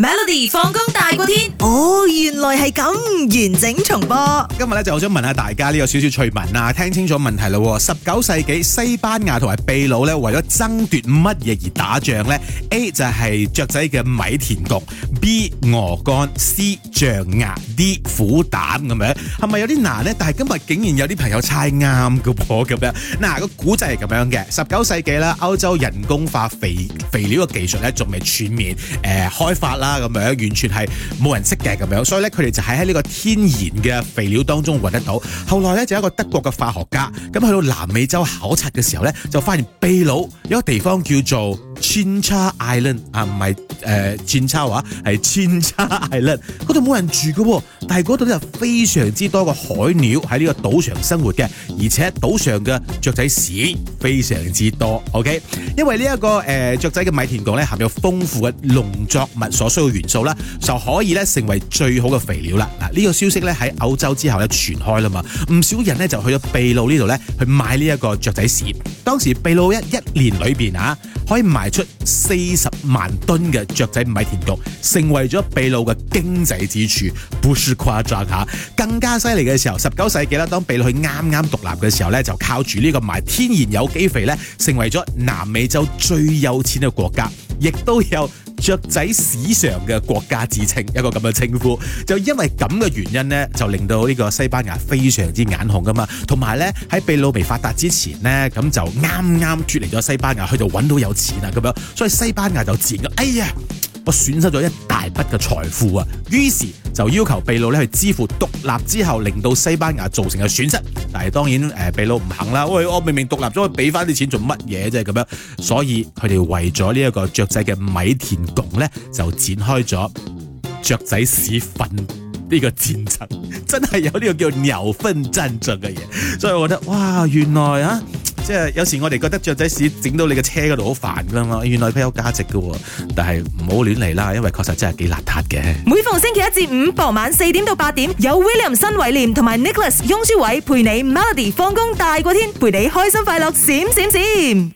Melody 放工大過天，哦，原來係咁，完整重播。今日咧就好想問下大家呢個少少趣聞啊，聽清楚問題啦。十九世紀西班牙同埋秘魯咧為咗爭奪乜嘢而打仗呢？A 就係雀仔嘅米田局。B 鵝肝、C 象牙、D 虎膽咁樣，係咪有啲難呢？但係今日竟然有啲朋友猜啱嘅噃，咁樣嗱、啊嗰個古仔係咁樣嘅。十九世紀啦，歐洲人工化肥肥料嘅技術咧仲未全面誒、呃、開發啦，咁樣完全係冇人識嘅咁樣，所以咧佢哋就係喺呢個天然嘅肥料當中揾得到。後來咧就有一個德國嘅化學家咁去到南美洲考察嘅時候咧，就發現秘魯有個地方叫做 Chincha Island 啊，唔係。誒，千差話係千差啦，嗰度冇人住嘅，但係嗰度咧有非常之多個海鳥喺呢個島上生活嘅，而且島上嘅雀仔屎非常之多，OK，因為呢、這、一個誒雀、呃、仔嘅米田壩米田共咧含有豐富嘅農作物所需嘅元素啦，就可以咧成為最好嘅肥料啦。嗱，呢個消息咧喺歐洲之後咧傳開啦嘛，唔少人呢，就去咗秘魯呢度咧去買呢一個雀仔屎。當時秘魯一一年裏邊啊，可以賣出四十萬噸嘅雀仔米田共，成為咗秘魯嘅經濟支柱，不是誇張吓。更加犀利嘅時候，十九世紀咧，當秘魯佢啱啱獨立嘅時候咧，就靠住呢個賣天然有機肥咧，成為咗南美洲最有錢嘅國家，亦都有。雀仔史上嘅國家自稱一個咁嘅稱呼，就因為咁嘅原因呢，就令到呢個西班牙非常之眼紅噶嘛。同埋呢，喺秘魯未發達之前呢，咁就啱啱脫離咗西班牙，佢就揾到有錢啦咁樣，所以西班牙就自然咁。哎呀！我損失咗一大筆嘅財富啊，於是就要求秘魯咧去支付獨立之後令到西班牙造成嘅損失。但係當然誒、呃，秘魯唔肯啦，喂，我明明獨立咗，俾翻啲錢做乜嘢啫咁樣？所以佢哋為咗呢一個雀仔嘅米田共咧，就展開咗雀仔屎糞呢個戰爭。真係有呢個叫牛糞戰爭嘅嘢，所以我覺得哇，原來啊！即係有時我哋覺得雀仔屎整到你嘅車嗰度好煩噶嘛，原來佢有價值噶，但係唔好亂嚟啦，因為確實真係幾邋遢嘅。每逢星期一至五傍晚四點到八點，有 William 新偉廉同埋 Nicholas 雍舒偉陪你 Melody 放工大過天，陪你開心快樂閃閃閃。閃閃閃閃。